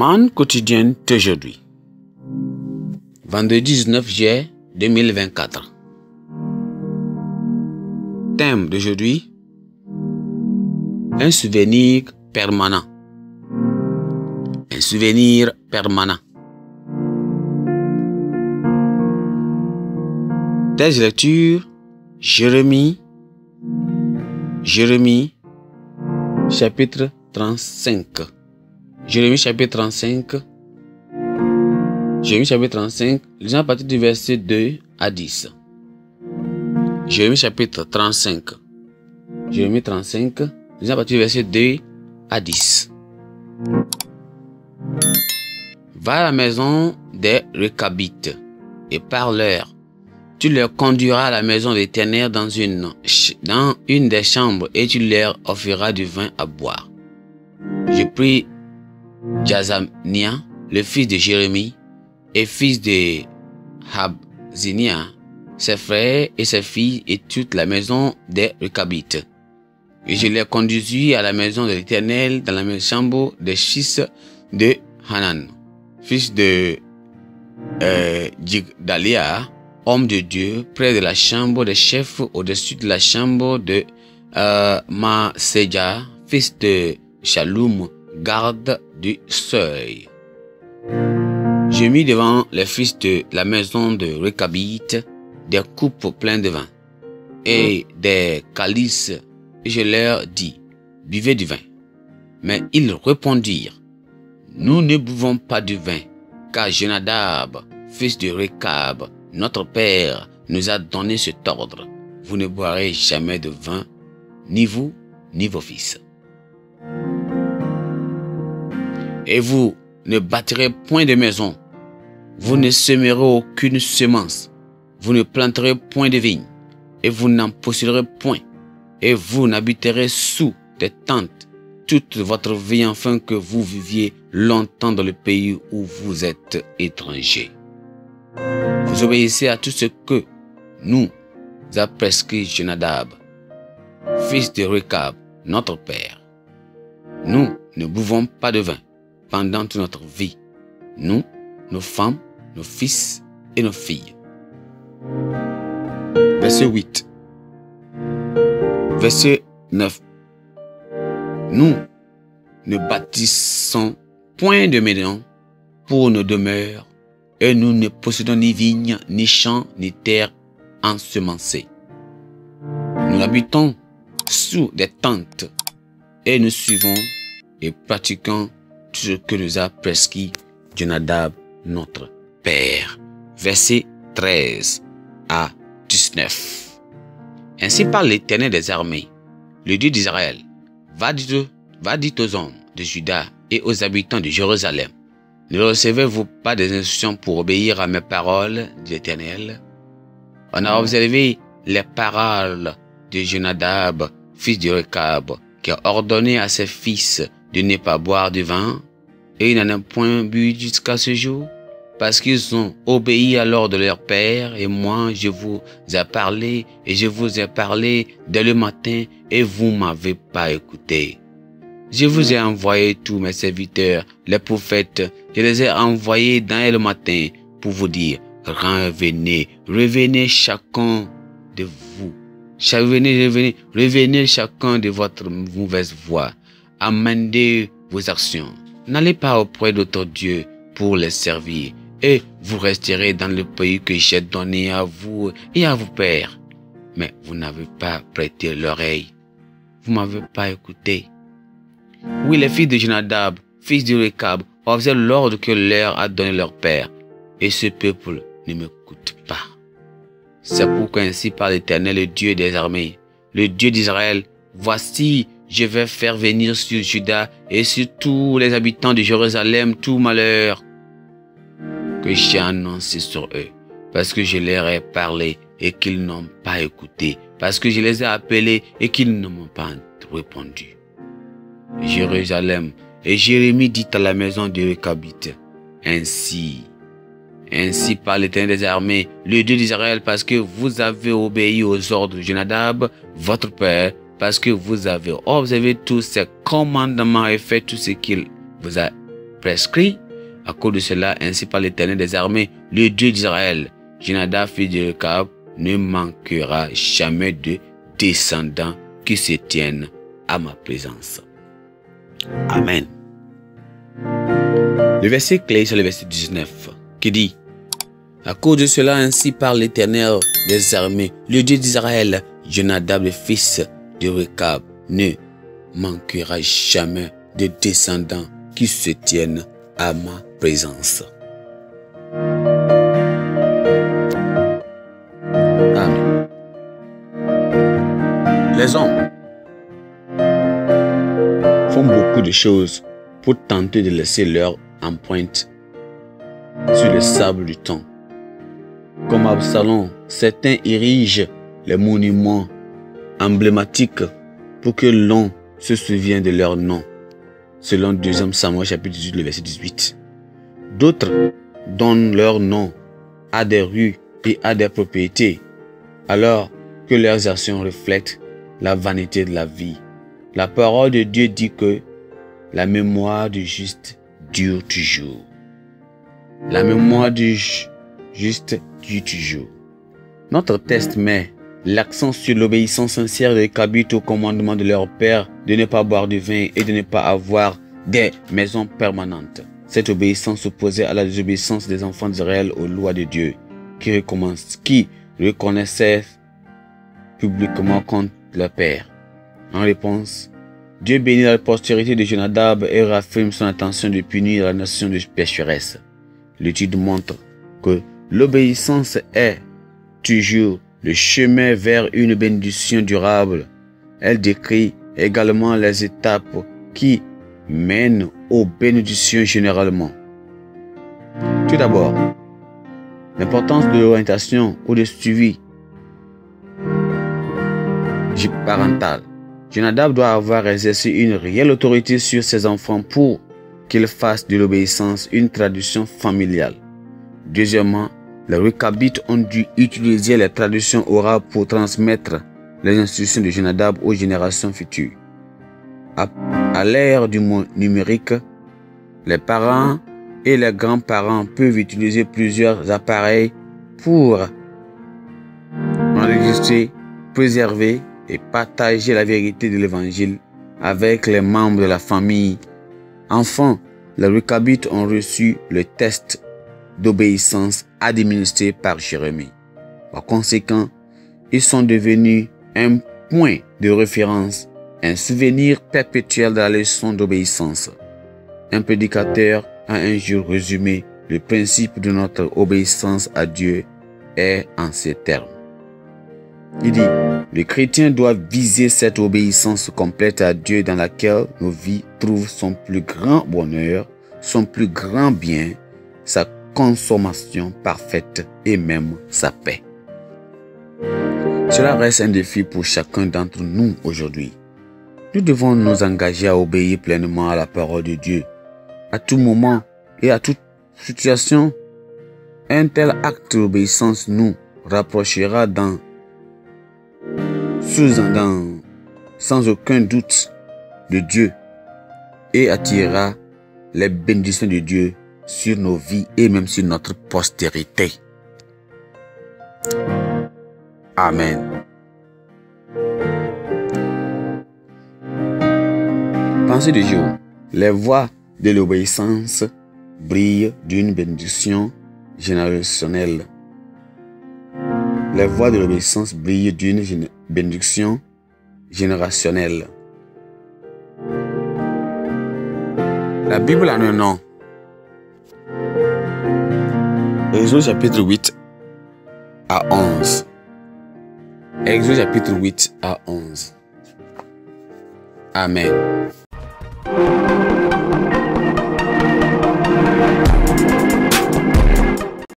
Man quotidien d'aujourd'hui. Vendredi 19 juillet 2024. Thème d'aujourd'hui. Un souvenir permanent. Un souvenir permanent. Texte lecture. Jérémie. Jérémie. Chapitre 35. Jérémie chapitre 35. Jérémie chapitre 35, Nous à partir du verset 2 à 10. Jérémie chapitre 35. Jérémie 35, Nous à partir du verset 2 à 10. Va à la maison des recabites et parle-leur. Tu leur conduiras à la maison des dans une, dans une des chambres et tu leur offriras du vin à boire. Je prie jazamnia le fils de Jérémie, et fils de Habzinia, ses frères et ses filles et toute la maison des Rechabites. Et je les conduisis à la maison de l'Éternel dans la chambre des fils de Hanan, fils de euh, homme de Dieu, près de la chambre des chefs, au-dessus de la chambre de euh, Maseja, fils de Shalom, garde du seuil. Je mis devant les fils de la maison de Rechabite des coupes pleines de vin et hmm. des calices, et je leur dis, buvez du vin. Mais ils répondirent, nous ne buvons pas du vin, car Jonadab, fils de Recab, notre père, nous a donné cet ordre. Vous ne boirez jamais de vin, ni vous, ni vos fils. Et vous ne bâtirez point de maison. Vous ne semerez aucune semence. Vous ne planterez point de vigne. Et vous n'en posséderez point. Et vous n'habiterez sous des tentes toute votre vie afin que vous viviez longtemps dans le pays où vous êtes étranger. Vous obéissez à tout ce que nous a prescrit Jonadab, fils de Rekab, notre père. Nous ne buvons pas de vin pendant toute notre vie, nous, nos femmes, nos fils et nos filles. Verset 8. Verset 9. Nous ne bâtissons point de maison pour nos demeures et nous ne possédons ni vignes, ni champs, ni terres ensemencées. Nous habitons sous des tentes et nous suivons et pratiquons ce que nous a prescrit Jonadab, notre Père. Verset 13 à 19. Ainsi parle l'Éternel des armées, le Dieu d'Israël. Va dire, va aux hommes de Juda et aux habitants de Jérusalem. Ne recevez-vous pas des instructions pour obéir à mes paroles, dit l'Éternel On a observé les paroles de Jonadab, fils de Recab, qui a ordonné à ses fils de ne pas boire du vin et ils n'en ont point bu jusqu'à ce jour, parce qu'ils ont obéi à l'ordre de leur Père, et moi je vous ai parlé, et je vous ai parlé dès le matin, et vous m'avez pas écouté. Je vous ai envoyé tous mes serviteurs, les prophètes, je les ai envoyés dans le matin pour vous dire, revenez, revenez chacun de vous. Revenez, revenez, revenez chacun de votre mauvaise voie. Amendez vos actions. N'allez pas auprès d'autres dieux pour les servir, et vous resterez dans le pays que j'ai donné à vous et à vos pères. Mais vous n'avez pas prêté l'oreille. Vous m'avez pas écouté. Oui, les filles de Jonadab, fils de Rekab, fait l'ordre que leur a donné leur père. Et ce peuple ne m'écoute pas. C'est pourquoi ainsi par l'Éternel, le Dieu des armées, le Dieu d'Israël, voici, je vais faire venir sur Juda et sur tous les habitants de Jérusalem tout malheur que j'ai annoncé sur eux, parce que je leur ai parlé et qu'ils n'ont pas écouté, parce que je les ai appelés et qu'ils ne m'ont pas répondu. Jérusalem, et Jérémie dit à la maison de Rekabite, ainsi, ainsi par l'Éternel des armées, le Dieu d'Israël, parce que vous avez obéi aux ordres de Jonadab, votre père, parce que vous avez observé oh, tous ces commandements et fait tout ce qu'il vous a prescrit. À cause de cela, ainsi par l'Éternel des armées, le Dieu d'Israël, Jonadab fils de ne manquera jamais de descendants qui se tiennent à ma présence. Amen. Le verset clé, c'est le verset 19, qui dit, à cause de cela, ainsi par l'Éternel des armées, le Dieu d'Israël, Jonadab, le fils de Rekab ne manquera jamais de descendants qui se tiennent à ma présence. Amen. Les hommes font beaucoup de choses pour tenter de laisser leur empreinte sur le sable du temps. Comme Absalom, certains érigent les monuments Emblématique pour que l'on se souvienne de leur nom, selon 2 Samuel chapitre 18, le verset 18. D'autres donnent leur nom à des rues et à des propriétés, alors que leurs actions reflètent la vanité de la vie. La parole de Dieu dit que la mémoire du juste dure toujours. La mémoire du juste dure toujours. Notre test met L'accent sur l'obéissance sincère des Kabites au commandement de leur père de ne pas boire du vin et de ne pas avoir des maisons permanentes. Cette obéissance opposée à la désobéissance des enfants d'Israël aux lois de Dieu, qui, qui reconnaissaient publiquement contre leur père. En réponse, Dieu bénit la postérité de Jonadab et raffirme son intention de punir la nation de pécheresse. L'étude montre que l'obéissance est toujours le chemin vers une bénédiction durable. Elle décrit également les étapes qui mènent aux bénédictions généralement. Tout d'abord, l'importance de l'orientation ou de suivi parental. Jonadab doit avoir exercé une réelle autorité sur ses enfants pour qu'ils fassent de l'obéissance une tradition familiale. Deuxièmement, les Rukabites ont dû utiliser les traductions orales pour transmettre les instructions de Genadab aux générations futures. À, l'ère du monde numérique, les parents et les grands-parents peuvent utiliser plusieurs appareils pour enregistrer, préserver et partager la vérité de l'Évangile avec les membres de la famille. Enfin, les Rukabites ont reçu le test d'obéissance administrée par Jérémie. Par conséquent, ils sont devenus un point de référence, un souvenir perpétuel de la leçon d'obéissance. Un prédicateur a un jour résumé le principe de notre obéissance à Dieu est en ces termes. Il dit, Le chrétien doit viser cette obéissance complète à Dieu dans laquelle nos vies trouvent son plus grand bonheur, son plus grand bien, sa consommation parfaite et même sa paix. Cela reste un défi pour chacun d'entre nous aujourd'hui. Nous devons nous engager à obéir pleinement à la parole de Dieu. À tout moment et à toute situation, un tel acte d'obéissance nous rapprochera dans, sous, sans aucun doute de Dieu et attirera les bénédictions de Dieu sur nos vies et même sur notre postérité. Amen. Pensez du jour. Les voix de l'obéissance brillent d'une bénédiction générationnelle. Les voix de l'obéissance brillent d'une bénédiction générationnelle. La Bible a un nom. Exode chapitre 8 à 11. Exode chapitre 8 à 11. Amen.